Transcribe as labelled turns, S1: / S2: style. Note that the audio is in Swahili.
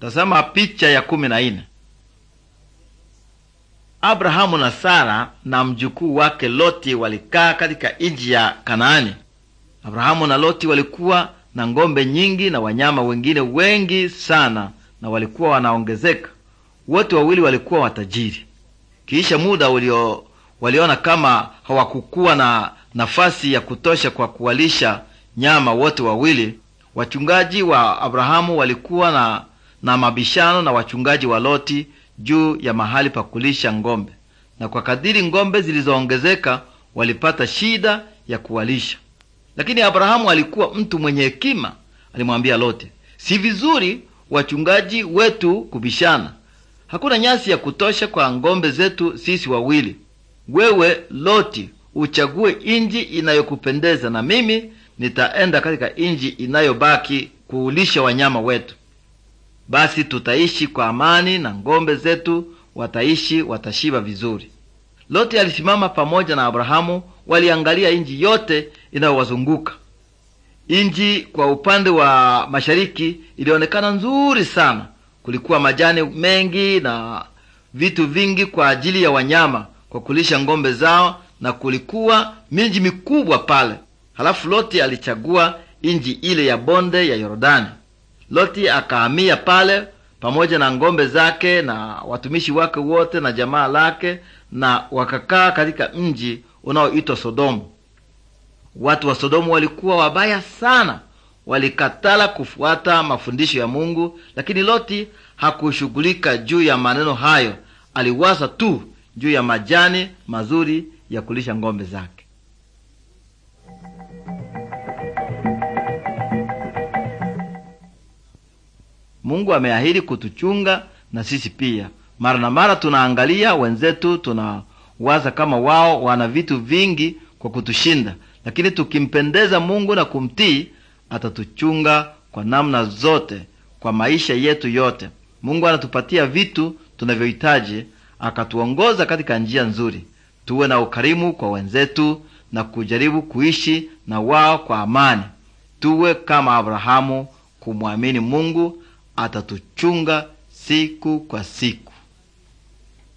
S1: Tazama picha ya kumi na ine. Abrahamu na Sara na mjukuu wake Loti walikaa katika nchi ya Kanaani. Abrahamu na Loti walikuwa na ng'ombe nyingi na wanyama wengine wengi sana, na walikuwa wanaongezeka. Wote wawili walikuwa watajiri. Kisha muda ulio waliona kama hawakukuwa na nafasi ya kutosha kwa kuwalisha nyama wote wawili. Wachungaji wa Abrahamu walikuwa na na mabishano na wachungaji wa Loti juu ya mahali pa kulisha ng'ombe, na kwa kadiri ng'ombe zilizoongezeka walipata shida ya kuwalisha. Lakini Abrahamu alikuwa mtu mwenye hekima, alimwambia Loti, si vizuri wachungaji wetu kubishana. Hakuna nyasi ya kutosha kwa ng'ombe zetu sisi wawili. Wewe Loti, uchague inji inayokupendeza, na mimi nitaenda katika inji inayobaki kuulisha wanyama wetu basi tutaishi kwa amani na ng'ombe zetu wataishi, watashiba vizuri. Loti alisimama pamoja na Abrahamu, waliangalia inji yote inayowazunguka. Inji kwa upande wa mashariki ilionekana nzuri sana, kulikuwa majani mengi na vitu vingi kwa ajili ya wanyama kwa kulisha ng'ombe zao, na kulikuwa miji mikubwa pale. Halafu Loti alichagua inji ile ya bonde ya Yordani. Loti akahamia pale pamoja na ng'ombe zake na watumishi wake wote na jamaa lake, na wakakaa katika mji unaoitwa Sodomu. Watu wa Sodomu walikuwa wabaya sana, walikatala kufuata mafundisho ya Mungu, lakini Loti hakushughulika juu ya maneno hayo. Aliwaza tu juu ya majani mazuri ya kulisha ng'ombe zake. Mungu ameahidi kutuchunga na sisi pia. Mara na mara tunaangalia wenzetu, tunawaza kama wao wana vitu vingi kwa kutushinda, lakini tukimpendeza Mungu na kumtii, atatuchunga kwa namna zote, kwa maisha yetu yote. Mungu anatupatia vitu tunavyohitaji, akatuongoza katika njia nzuri. Tuwe na ukarimu kwa wenzetu na kujaribu kuishi na wao kwa amani. Tuwe kama Abrahamu kumwamini Mungu atatuchunga siku kwa siku.